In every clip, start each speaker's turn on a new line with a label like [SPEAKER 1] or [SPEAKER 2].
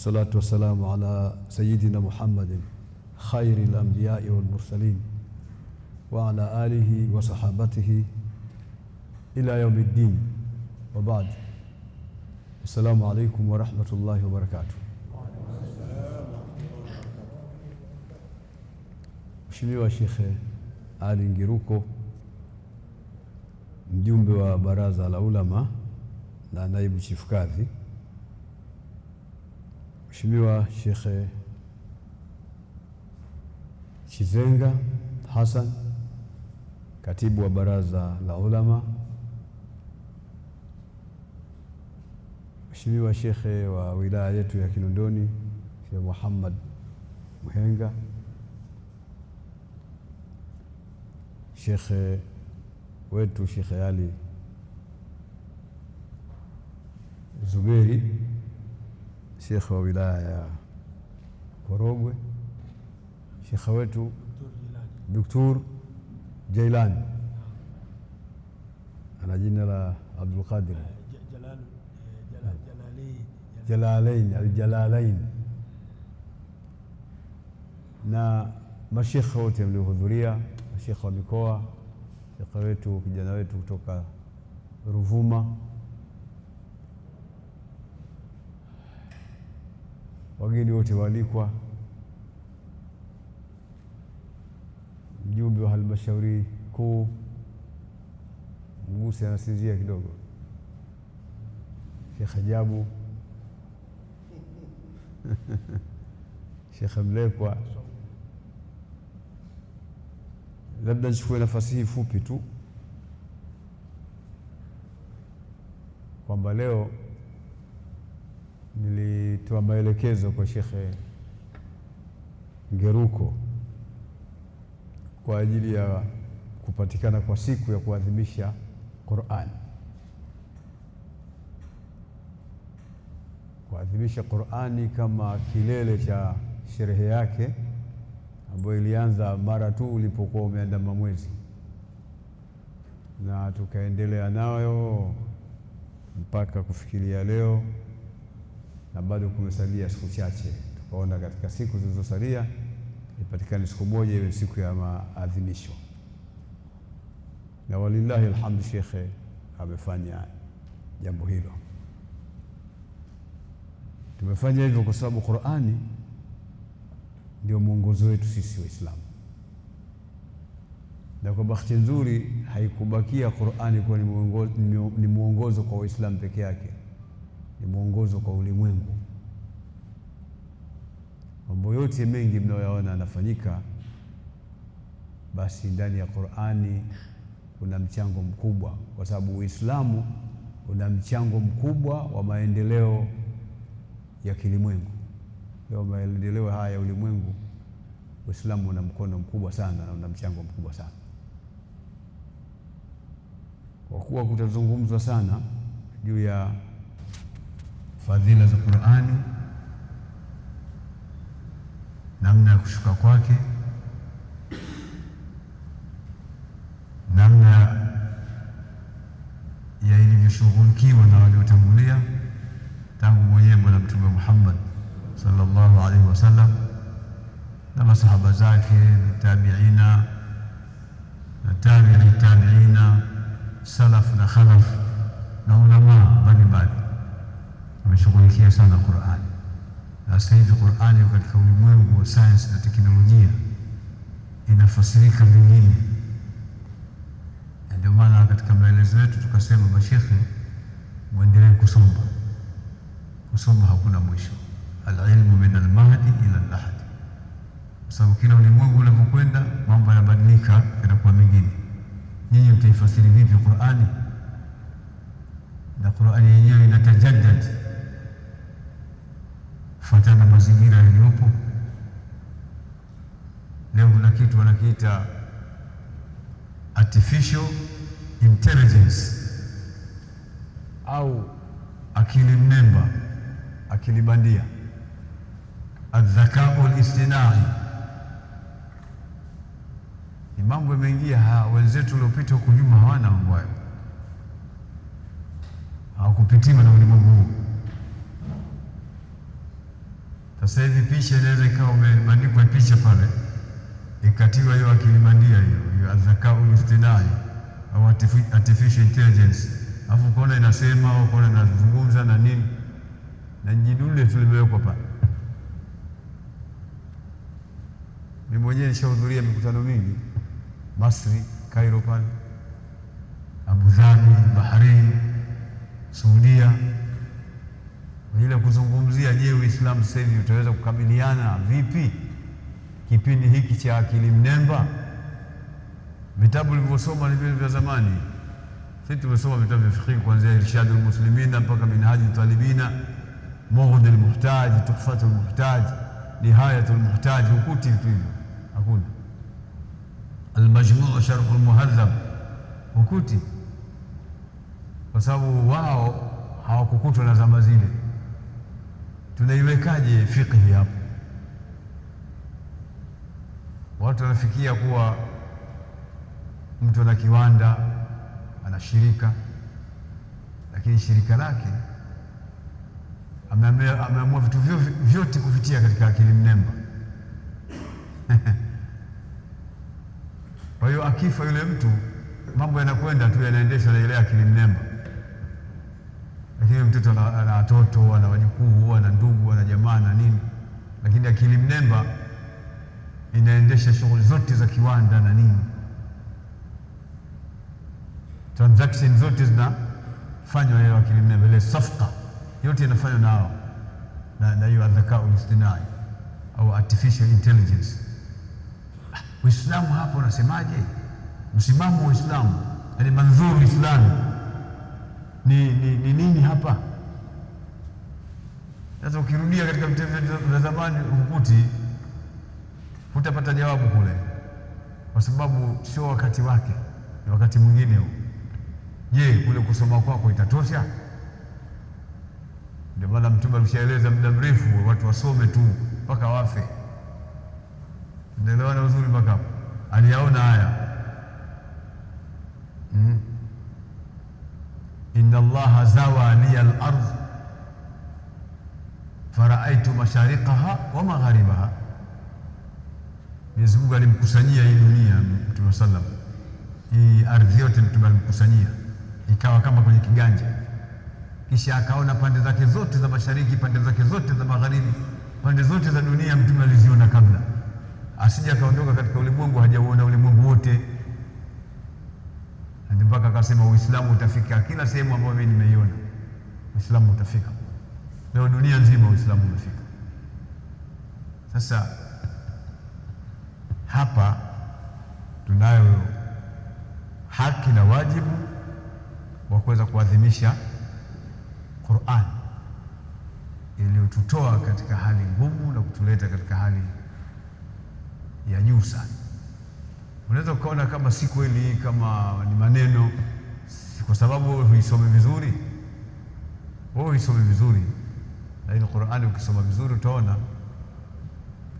[SPEAKER 1] wassalatu wassalamu ala sayidina Muhammadin khairi lambiyai walmursalin wa ala alihi wa ila yaumi ddin wabaad. Assalamu alaikum warahmatullahi wabarakatuh. Mheshimiwa Shekhe Ali Ngiruko, mjumbe wa Baraza la Ulama na naibu chifu kadhi Mheshimiwa Shekhe eh, Chizenga Hassan, katibu wa Baraza la Ulama, Mheshimiwa Shekhe eh, wa wilaya yetu ya Kinondoni Sheikh Muhammad Muhenga, Shekhe eh, wetu Shekhe Ali Zuberi Shekhe wa wilaya ya Korogwe, shekhe wetu Duktur Jailani ana jina la Abdul Qadir Jalalain Aljalalain, na mashekhe wote mliohudhuria, mashekhe wa mikoa, shekhe wetu kijana wetu kutoka Ruvuma wageni wote waalikwa, mjumbe wa halmashauri kuu, mguse anasinzia kidogo, shekhe Ajabu, shekhe Mlekwa. Labda nichukue nafasi hii fupi tu kwamba leo nili nilitoa maelekezo kwa Shekhe Ngeruko kwa ajili ya kupatikana kwa siku ya kuadhimisha Qur'an, kuadhimisha Qurani kama kilele cha sherehe yake ambayo ilianza mara tu ulipokuwa umeandama mwezi na tukaendelea nayo mpaka kufikiria leo na bado kumesalia siku chache. Tukaona katika siku zilizosalia ipatikane siku moja iwe siku ya maadhimisho, na walillahi alhamdu, shekhe amefanya jambo hilo. Tumefanya hivyo kwa sababu Qur'ani ndio mwongozo wetu sisi Waislamu, na kwa bahati nzuri haikubakia Qur'ani kuwa ni mwongozo kwa Waislamu peke yake ni mwongozo kwa ulimwengu. Mambo yote mengi mnayoyaona yanafanyika, basi ndani ya Qur'ani kuna mchango mkubwa, kwa sababu Uislamu una mchango mkubwa wa maendeleo ya kilimwengu. Leo maendeleo haya ya ulimwengu, Uislamu una mkono mkubwa sana na una mchango mkubwa sana. Kwa kuwa kutazungumzwa sana juu ya fadhila za Qur'ani, namna ya kushuka kwake, namna ya ilivyoshughulikiwa na waliotangulia tangu mwenyewe Bwana Mtume Muhammad sallallahu alaihi wasallam na masahaba zake na tabiina na tabi'i tabiina, salaf na khalaf na ulama mbalimbali. ameshughulikia sana Qur'ani. Sasa hivi Qur'ani katika ulimwengu wa sayansi na teknolojia inafasirika vingine, ndio maana katika maelezo yetu tukasema mashekhe, mwendelee kusoma. Kusoma hakuna mwisho, alilmu min almahdi ila lahdi, kwa sababu kila ulimwengu unavyokwenda mambo yanabadilika, yanakuwa mengine. Nyinyi mtaifasiri vipi Qur'ani? Na Qur'ani yenyewe inatajadad kufuatana na mazingira yaliyopo leo. Kuna kitu wanakiita artificial intelligence au akili mnemba, akili bandia, adhakau listinai. Ni mambo yameingia, wenzetu waliopita huku nyuma hawana mambo hayo, hawakupitiwa na ulimwengu huu. Sasa hivi picha inaweza ikawa umebandikwa picha pale ikatiwa hiyo akilimandia bandia hiyo adhakau listinai au artificial intelligence, alafu ukaona inasema au ukaona inazungumza na nini na jidule tulimewekwa pale. Mi mwenyewe nishahudhuria mikutano mingi Masri, Cairo pale, Abu Dhabi, Bahrain, Saudia vile kuzungumzia, je, Uislamu sasa hivi utaweza kukabiliana vipi kipindi hiki cha akili mnemba? Vitabu ulivyosoma ni vile vya zamani. Sisi tumesoma vitabu vya fikhi kuanzia Irshadul Muslimina mpaka Minhaji Talibina, Mughdil Muhtaji, Tuhfatul Muhtaji, Nihayatul Muhtaji, hukuti vitu hivyo, hakuna. Almajmuu Sharhul Muhadhab, hukuti, kwa sababu wao hawakukutwa na zama zile. Tunaiwekaje fiqhi hapo? Watu wanafikia kuwa mtu ana kiwanda, ana shirika, lakini shirika lake ameamua vitu vyote kuvitia katika akili mnemba. Kwa hiyo akifa yule mtu, mambo yanakwenda tu, yanaendeshwa na ile akili mnemba pengine mtoto ana watoto ana wajukuu ana ndugu ana jamaa na nini, lakini akili mnemba inaendesha shughuli zote za kiwanda na nini, transaction zote zinafanywa na akili mnemba, ile safka yote inafanywa nao na hiyo adhakau istinai au artificial intelligence. Ah, Uislamu hapo unasemaje? Msimamo wa Uislamu, yani manzuru Uislamu ni, ni, ni nini hapa? Sasa ukirudia katika mtendo za zamani hukuti, hutapata jawabu kule, kwa sababu sio wakati wake, ni wakati mwingine huu. Je, kule kusoma kwako itatosha? Ndio maana Mtume alishaeleza muda mrefu watu wasome tu mpaka wafe. Naelewana uzuri mpaka hapo, aliyaona haya mm inna allaha zawa liya al-ardh faraaitu mashariqaha wa magharibaha, Mwenyezi Mungu alimkusanyia hii dunia Mtume wa sallam, hii ardhi yote Mtume alimkusanyia ikawa kama kwenye kiganja, kisha akaona pande zake zote za mashariki, pande zake zote za magharibi, pande zote za dunia Mtume aliziona kabla asija akaondoka katika ulimwengu, hajauona ulimwengu wote mpaka akasema Uislamu utafika kila sehemu ambayo mimi nimeiona, Uislamu utafika. Leo dunia nzima Uislamu umefika. Sasa hapa tunayo haki na wajibu wa kuweza kuadhimisha Qur'an iliyotutoa katika hali ngumu na kutuleta katika hali ya juu sana unaweza ukaona kama si kweli, kama ni maneno, kwa sababu huisome vizuri, wewe huisome vizuri. Lakini Qur'ani ukisoma vizuri utaona.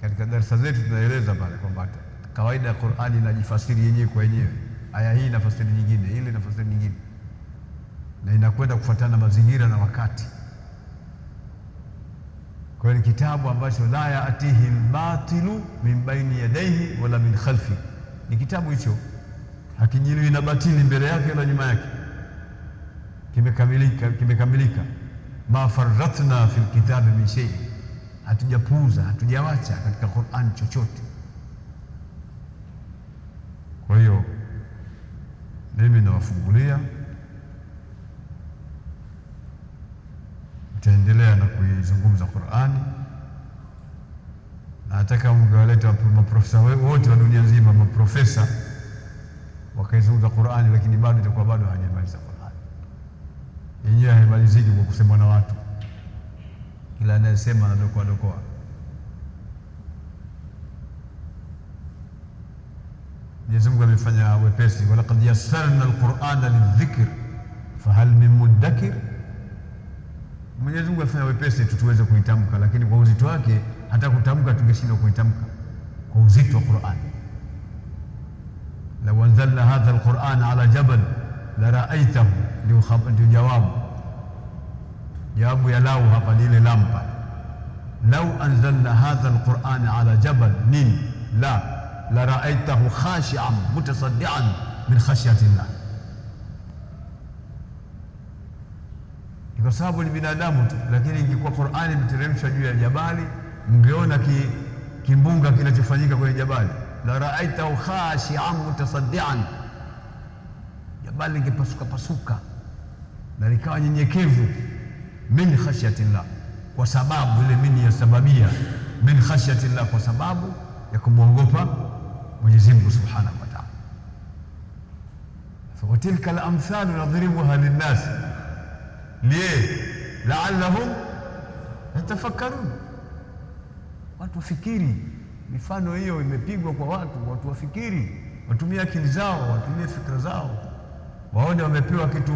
[SPEAKER 1] Katika darasa zetu tunaeleza pale kwamba kawaida ya Qur'ani inajifasiri yenyewe kwa yenyewe, aya hii inafasiri nyingine, ile inafasiri nyingine, na inakwenda kufuatana mazingira na wakati. Kwa hiyo ni kitabu ambacho la yaatihi lbatilu min baini yadaihi wala min khalfi ni kitabu hicho hakijiliwi na batili mbele yake na nyuma yake, kimekamilika, kimekamilika. ma farratna fil lkitabi min shay, hatujapuuza hatujawacha katika Qur'an chochote. Kwa hiyo mimi nawafungulia, nitaendelea na kuizungumza Qur'ani. Nataka ungewaleta maprofesa wote wa dunia nzima, maprofesa wakaizungumza Qur'ani, lakini bado itakuwa bado hajamaliza Qur'ani yenyewe, haimaliziki kwa kusema na watu, kila anayesema anadokoa dokoa. Mwenyezi Mungu amefanya wepesi, walaqad yassarna alqur'ana lidhikr fahal min mudakkir. Mwenyezi Mungu amefanya wepesi tutuweze kuitamka, lakini kwa uzito wake hata kutamka tungeshindwa kuitamka kwa uzito wa Qur'an. Lau anzalna hadha alquran ala jabal la raaitahu, ndio jawabu. Jawabu ya lau hapa ni lampa, lau anzalna hadha alquran ala jabal nini, la la raaitahu khashian mutasaddian min khashyati llah. Ni kwa sababu ni binadamu tu, lakini ingekuwa Qur'ani imeteremshwa juu ya jabali mngeona ki, kimbunga kinachofanyika kwenye jabali la raaitahu khashian mutasaddian, jabali lingepasuka pasuka na likawa nyenyekevu, min khashyati llah kwa sababu ile mini yasababia, min llah kwa sababu ya kumwogopa Mwenyezi Mungu subhanahu wa ta'ala. Fa watilka alamthalu nadhribuha linnas liye laallahum yatafakkarun watu wafikiri. Mifano hiyo imepigwa kwa watu, watu wafikiri, watumie akili zao, watumie fikra zao, waone wamepewa kitu,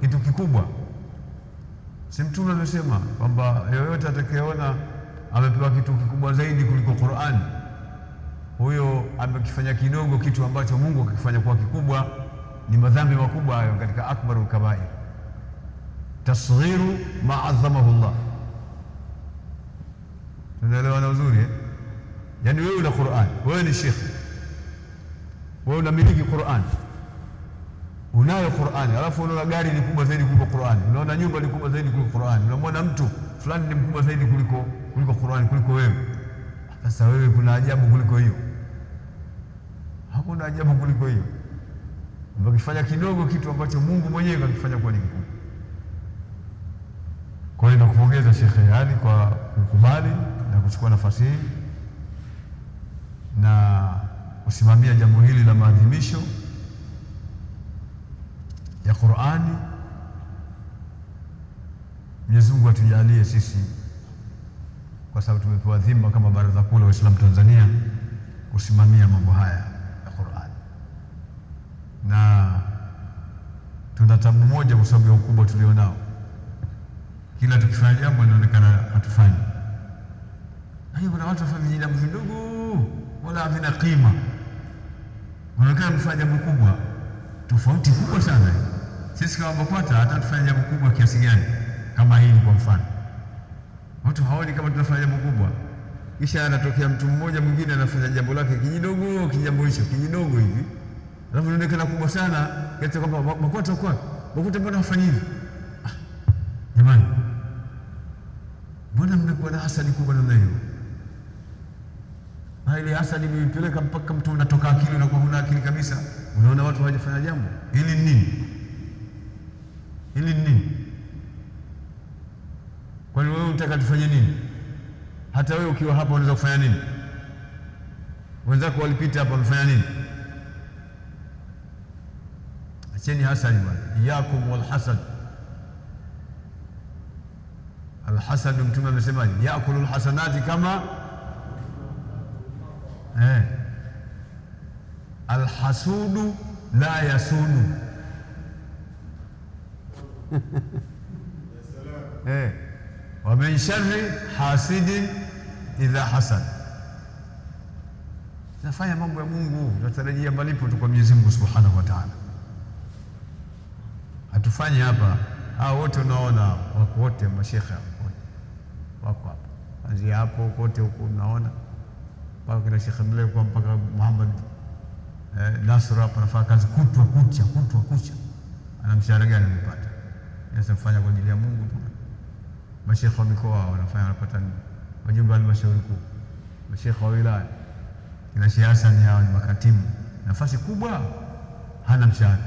[SPEAKER 1] kitu kikubwa. Si Mtume amesema kwamba yoyote atakayeona amepewa kitu kikubwa zaidi kuliko Qur'ani, huyo amekifanya kidogo kitu ambacho Mungu akifanya kuwa kikubwa. Ni madhambi makubwa hayo katika akbarul kabair, tasghiru maadhamahu Allah na uzuri eh? Yaani wewe una Qur'an, wewe ni shekhi, wewe unamiliki Qur'an, unayo Qur'an, alafu unaona gari ni kubwa zaidi kuliko Qur'an, unaona nyumba ni kubwa zaidi kuliko Qur'an, unamwona mtu fulani ni mkubwa zaidi kuliko kuliko Qur'an kuliko wewe. Sasa wewe kuna ajabu kuliko hiyo? Hakuna ajabu kuliko hiyo, akifanya kidogo kitu ambacho Mungu mwenyewe kakifanya kuwa ni kikubwa. Kwa hiyo nakupongeza Shekhe Ali yaani kwa kukubali na kuchukua nafasi hii na kusimamia jambo hili la maadhimisho ya Qur'ani. Mwenyezi Mungu atujalie sisi, kwa sababu tumepewa dhima kama Baraza Kuu la Waislamu Tanzania kusimamia mambo haya ya Qur'ani, na tuna tabu moja kwa sababu ya ukubwa tulionao, kila tukifanya jambo inaonekana hatufanyi lakini kuna watu wafanya vijidabu vidogo wala havina kima, wanaonekana mfanya jambo kubwa. Tofauti kubwa sana. Sisi kama BAKWATA hata tufanya jambo kubwa kiasi gani, kama hili kwa mfano, watu haoni kama tunafanya jambo kubwa, kisha anatokea mtu mmoja mwingine anafanya jambo lake kijidogo, kijambo hicho kijidogo hivi, alafu inaonekana kubwa sana kiasi kwamba BAKWATA kwa BAKWATA, mbona wafanya hivi? Ah, Jamani, mbona mnakuwa na hasadi kubwa namna hiyo? ile asali imepeleka mpaka mtu unatoka akili, na kuona akili kabisa, unaona watu hawajafanya jambo. Hili ni nini? Hili ni nini? Kwani wewe unataka tufanye nini? Hata wewe ukiwa hapa unaweza kufanya nini? Wenzako walipita hapa wamefanya nini? Acheni hasadi bwana, iyakum walhasad. Alhasad, Mtume amesema yakulu lhasanati kama eh, alhasudu la yasudu eh, wa min sharri hasidin idha hasad. nafanya mambo ya Mungu, tunatarajia malipo tu kwa Mwenyezi Mungu Subhanahu wa Ta'ala. Hatufanyi hapa. Hao wote unaona wako wote mashekhe wako hapa, kuanzia hapo kote huko unaona mpaka kina Sheikh Mlekwa mpaka Muhammad eh, Nasra hapo anafanya kazi kutwa kucha kutwa kucha, ana mshahara gani anapata? Sasa mfanya kwa ajili ya Mungu tu. Mashekhe wa mikoa wanafanya wanapata Wajumbe wa halmashauri kuu, mashekhe wa wilaya, kina Sheikh Hassan hao ni makatibu, nafasi kubwa hana mshahara.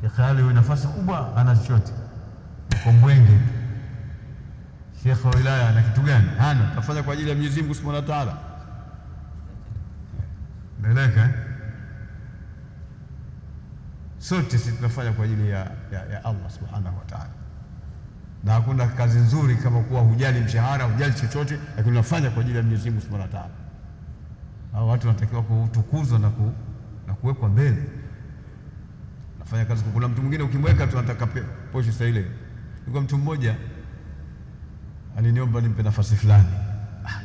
[SPEAKER 1] Sheikh Ali huyo nafasi kubwa hana chochote, kwa mbwenge tu. Sheikh wa wilaya ana kitu gani? Hana, tafanya kwa ajili ya Mwenyezi Mungu Subhanahu wa Ta'ala. Naeleka eh? sote sisi tunafanya kwa ajili ya, ya, ya Allah subhanahu wa ta'ala, na hakuna kazi nzuri kama kuwa hujali mshahara, hujali chochote, lakini unafanya kwa ajili ya Mwenyezi Mungu subhanahu wa ta'ala. Hao watu wanatakiwa kutukuzwa na, ku, na kuwekwa mbele. Nafanya kazi kwa, kuna mtu mwingine ukimweka tu anataka posho saa ile. Yuko mtu mmoja aliniomba nimpe nafasi fulani,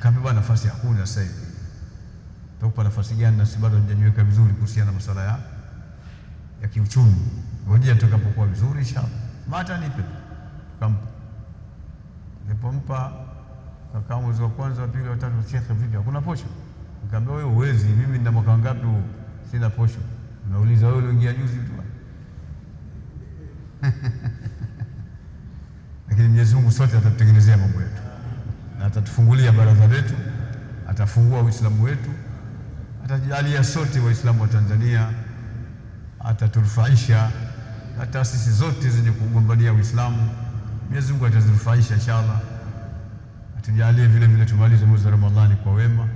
[SPEAKER 1] ah, bwana, nafasi hakuna sasa hivi nitakupa nafasi gani, nasi bado hatujajiweka vizuri kuhusiana na masuala ya ya kiuchumi. Ngoja tutakapokuwa vizuri inshallah. Mata nipe kampa, nilipompa kakaa mwezi wa kwanza wa pili wa tatu, shekhe, vipi hakuna posho? Nikamwambia wewe uwezi, mimi nina mwaka ngapi huu sina posho? Nauliza wewe uliingia juzi tu lakini Mwenyezi Mungu sote atatutengenezea mambo yetu na atatufungulia baraza letu, atafungua Uislamu wetu atajalia sote Waislamu wa Tanzania, ataturufaisha na taasisi zote zenye kugombania Uislamu, Mwenyezi Mungu atazirufaisha inshallah. Atujalie vile vile tumalize mwezi wa Ramadhani kwa wema,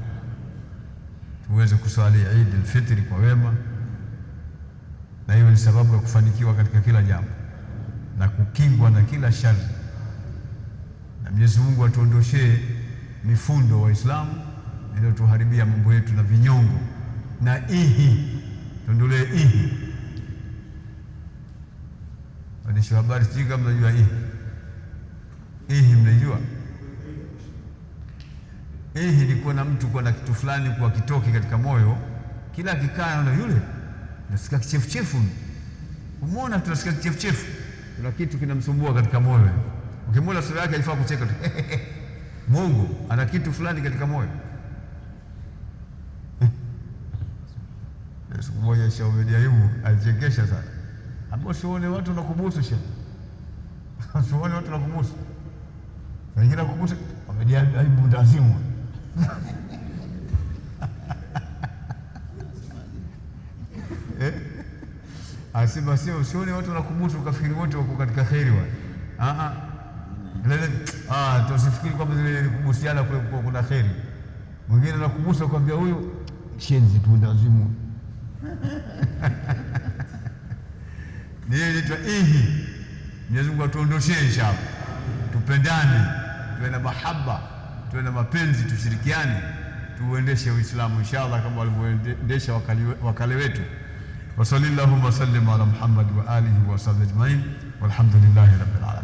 [SPEAKER 1] tuweze kuswali Eid al kwa wema, na hiyo ni sababu ya kufanikiwa katika kila jambo na kukingwa na kila shari, na Mwenyezi Mungu atuondoshee mifundo Waislamu tuharibia mambo yetu na vinyongo na ihi, tuondolee ihi. Waandishi wa habari, sijui kama mnajua ihi. Ihi mnaijua ihi? Ni kuwa mtu kuwa na kitu fulani kuwa kitoki katika moyo, kila akikaa naona yule nasikia kichefuchefu. Umeona, tunasikia kichefuchefu, kuna kitu kinamsumbua katika moyo. Ukimwona sura yake alifaa kucheka tu Mungu ana kitu fulani katika moyo. Siku moja Sheikh Obeid Ayubu alichekesha sana, ambao sione watu na kubusu Sheikh, sione watu na kubusu, wengine kubusu, Obeid ndazimu. Eh? Asema sio usione watu wanakubusu ukafikiri wote wako katika khairi wa. Ah ah, Lele ah tusifikiri kwamba zile kubusiana kule kuna khairi. Mwingine anakubusa kwambia huyu shenzi tu ndazimu. niyeletwa ihi Mwenyezi Mungu atuondoshee inshallah, tupendane, tuwe na mahaba, tuwe na mapenzi, tushirikiane, tuuendeshe Uislamu inshallah kama walivyoendesha wakale wetu. sallallahu wa wasallim ala Muhammad wa alihi wa sahbihi ajmain walhamdulillahi rabbil alamin.